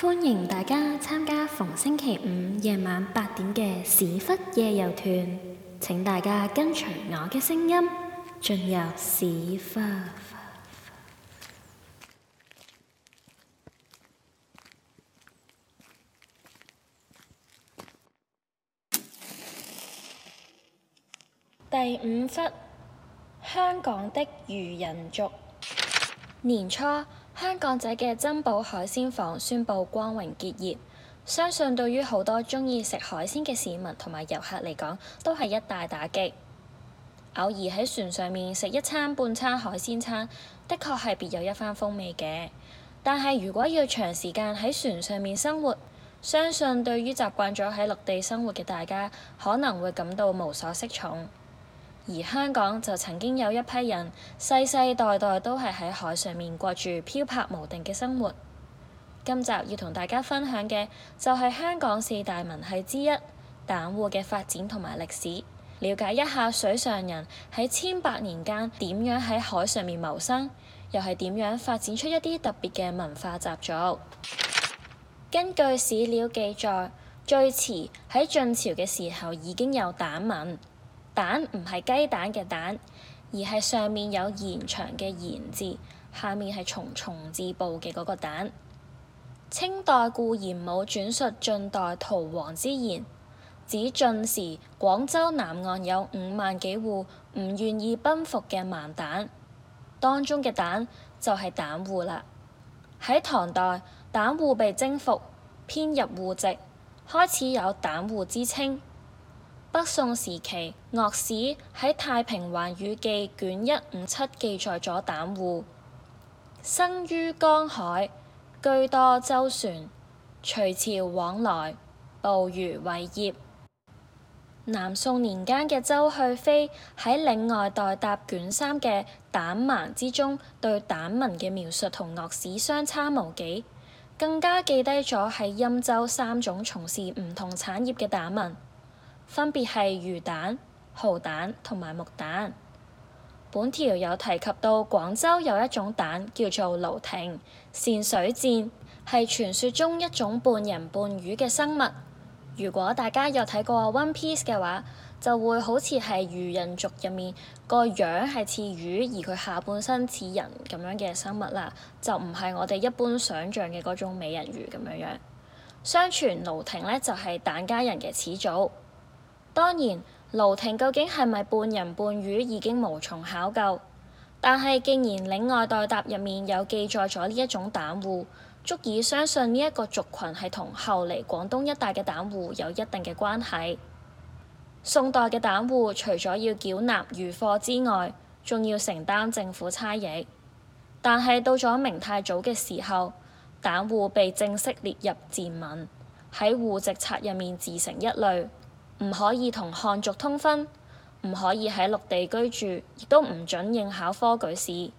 歡迎大家參加逢星期五夜晚八點嘅史窟夜遊團。請大家跟隨我嘅聲音進入史窟。第五窟，香港的漁人族。年初，香港仔嘅珍寶海鮮舫宣布光榮結業，相信對於好多中意食海鮮嘅市民同埋遊客嚟講，都係一大打擊。偶爾喺船上面食一餐半餐海鮮餐，的確係別有一番風味嘅。但係如果要長時間喺船上面生活，相信對於習慣咗喺陸地生活嘅大家，可能會感到無所適從。而香港就曾經有一批人，世世代代都係喺海上面過住漂泊無定嘅生活。今集要同大家分享嘅就係、是、香港四大民係之一疍戶嘅發展同埋歷史，了解一下水上人喺千百年間點樣喺海上面謀生，又係點樣發展出一啲特別嘅文化習俗。根據史料記載，最遲喺晉朝嘅時候已經有疍民。蛋唔係雞蛋嘅蛋，而係上面有延長嘅延字，下面係蟲蟲字部嘅嗰個蛋。清代顧炎武轉述晉代陶璜之言，指晉時廣州南岸有五萬幾戶唔願意賓服嘅盲蛋，當中嘅蛋就係疍戶啦。喺唐代，疍戶被征服，編入戶籍，開始有疍戶之稱。北宋時期，樂史喺《太平寰宇記》卷一五七記載咗膽戶，生於江海，居多舟船，隨潮往來，捕魚為業。南宋年間嘅周去非喺《嶺外代答》卷三嘅膽盲之中，對膽民嘅描述同樂史相差無幾，更加記低咗喺欽州三種從事唔同產業嘅膽民。分別係魚蛋、蠔蛋同埋木蛋。本條有提及到廣州有一種蛋叫做盧亭，善水戰，係傳說中一種半人半魚嘅生物。如果大家有睇過《One Piece》嘅話，就會好似係魚人族入面個樣係似魚，而佢下半身似人咁樣嘅生物啦。就唔係我哋一般想像嘅嗰種美人魚咁樣樣。相傳盧亭呢，就係蛋家人嘅始祖。當然，盧亭究竟係咪半人半魚已經無從考究，但係既然《嶺外代答》入面有記載咗呢一種疍戶，足以相信呢一個族群係同後嚟廣東一帶嘅疍戶有一定嘅關係。宋代嘅疍戶除咗要繳納漁貨之外，仲要承擔政府差役，但係到咗明太祖嘅時候，疍戶被正式列入賤民，喺戶籍冊入面自成一類。唔可以同漢族通婚，唔可以喺陸地居住，亦都唔準應考科舉試，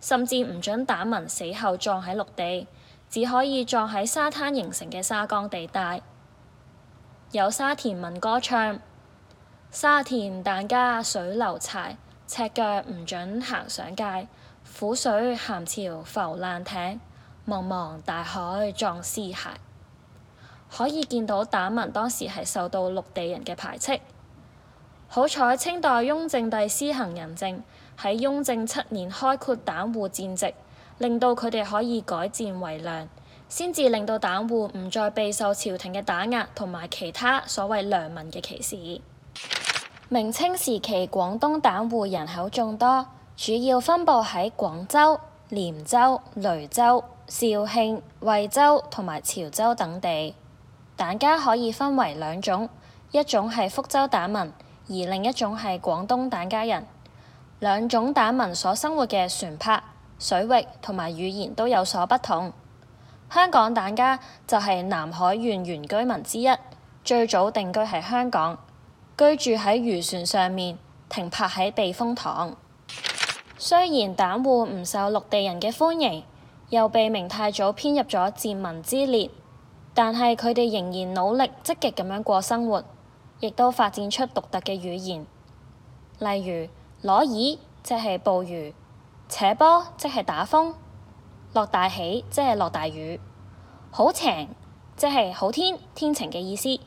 甚至唔準疍民死後葬喺陸地，只可以葬喺沙灘形成嘅沙江地帶。有沙田民歌唱：沙田疍家水流柴，赤腳唔準行上街，苦水鹹潮浮爛艇，茫茫大海葬屍骸。可以見到，疍民當時係受到陸地人嘅排斥。好彩，清代雍正帝施行仁政，喺雍正七年開闢疍戶佔籍，令到佢哋可以改善為良，先至令到疍戶唔再備受朝廷嘅打壓同埋其他所謂良民嘅歧視。明清時期，廣東疍戶人口眾多，主要分佈喺廣州、廉州、雷州、肇慶、惠州同埋潮州等地。疍家可以分為兩種，一種係福州疍民，而另一種係廣東疍家人。兩種疍民所生活嘅船舶水域同埋語言都有所不同。香港疍家就係南海縣原居民之一，最早定居喺香港，居住喺漁船上面，停泊喺避風塘。雖然疍戶唔受陸地人嘅歡迎，又被明太祖編入咗賤民之列。但係佢哋仍然努力積極咁樣過生活，亦都發展出獨特嘅語言，例如攞耳即係暴雨，扯波即係打風，落大起即係落大雨，好晴即係好天天晴嘅意思。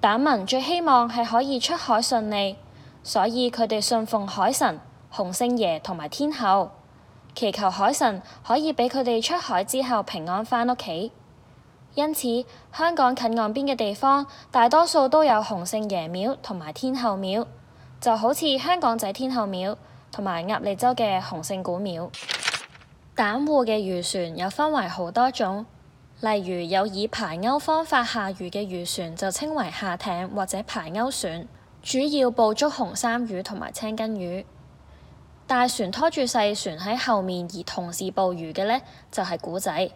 疍民最希望係可以出海順利，所以佢哋信奉海神、洪聖爺同埋天后，祈求海神可以俾佢哋出海之後平安翻屋企。因此，香港近岸邊嘅地方，大多數都有洪聖爺廟同埋天后廟，就好似香港仔天后廟同埋鴨脷洲嘅洪聖古廟。蛋戶嘅漁船有分為好多種，例如有以排鈎方法下魚嘅漁船就稱為下艇或者排鈎船，主要捕捉紅衫魚同埋青筋魚。大船拖住細船喺後面而同時捕魚嘅呢，就係古仔。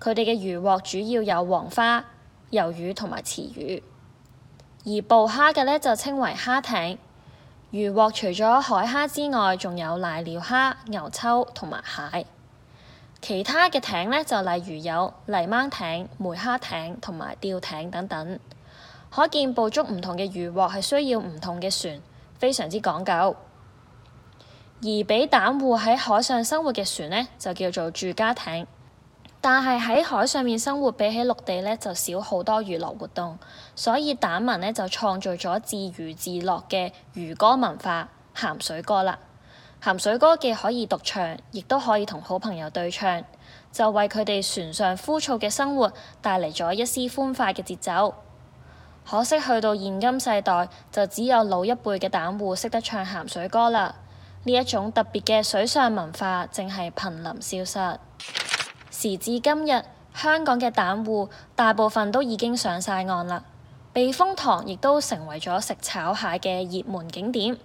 佢哋嘅漁獲主要有黃花、魷魚同埋池魚，而捕蝦嘅呢就稱為蝦艇。漁獲除咗海蝦之外，仲有瀨尿蝦、牛抽同埋蟹。其他嘅艇呢，就例如有泥掹艇、梅蝦艇同埋吊艇等等。可見捕捉唔同嘅漁獲係需要唔同嘅船，非常之講究。而俾蜑戶喺海上生活嘅船呢，就叫做住家艇。但係喺海上面生活，比起陸地呢，就少好多娛樂活動，所以疍民呢，就創造咗自娛自樂嘅漁歌文化——鹹水歌啦。鹹水歌既可以獨唱，亦都可以同好朋友對唱，就為佢哋船上枯燥嘅生活帶嚟咗一絲歡快嘅節奏。可惜去到現今世代，就只有老一輩嘅疍戶識得唱鹹水歌啦。呢一種特別嘅水上文化，正係瀕臨消失。時至今日，香港嘅疍戶大部分都已經上晒岸啦，避風塘亦都成為咗食炒蟹嘅熱門景點。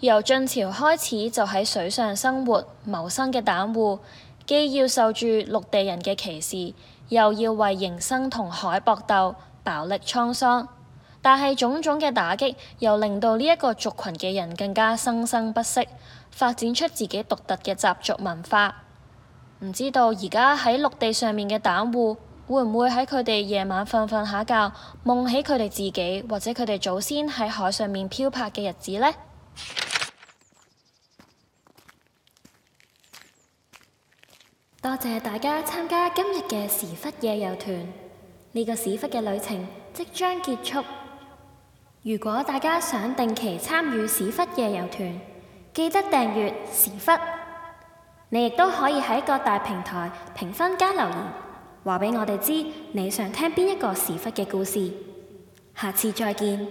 由晉朝開始就喺水上生活謀生嘅疍戶，既要受住陸地人嘅歧視，又要為營生同海搏鬥，飽歷滄桑。但係種種嘅打擊，又令到呢一個族群嘅人更加生生不息，發展出自己獨特嘅習俗文化。唔知道而家喺陸地上面嘅蛋戶會唔會喺佢哋夜晚瞓瞓下覺，夢起佢哋自己或者佢哋祖先喺海上面漂泊嘅日子呢？多謝大家參加今日嘅史窟夜遊團，呢、這個史窟嘅旅程即將結束。如果大家想定期參與史窟夜遊團，記得訂閱史窟。你亦都可以喺各大平台評分加留言，話俾我哋知你想聽邊一個史窟嘅故事。下次再見。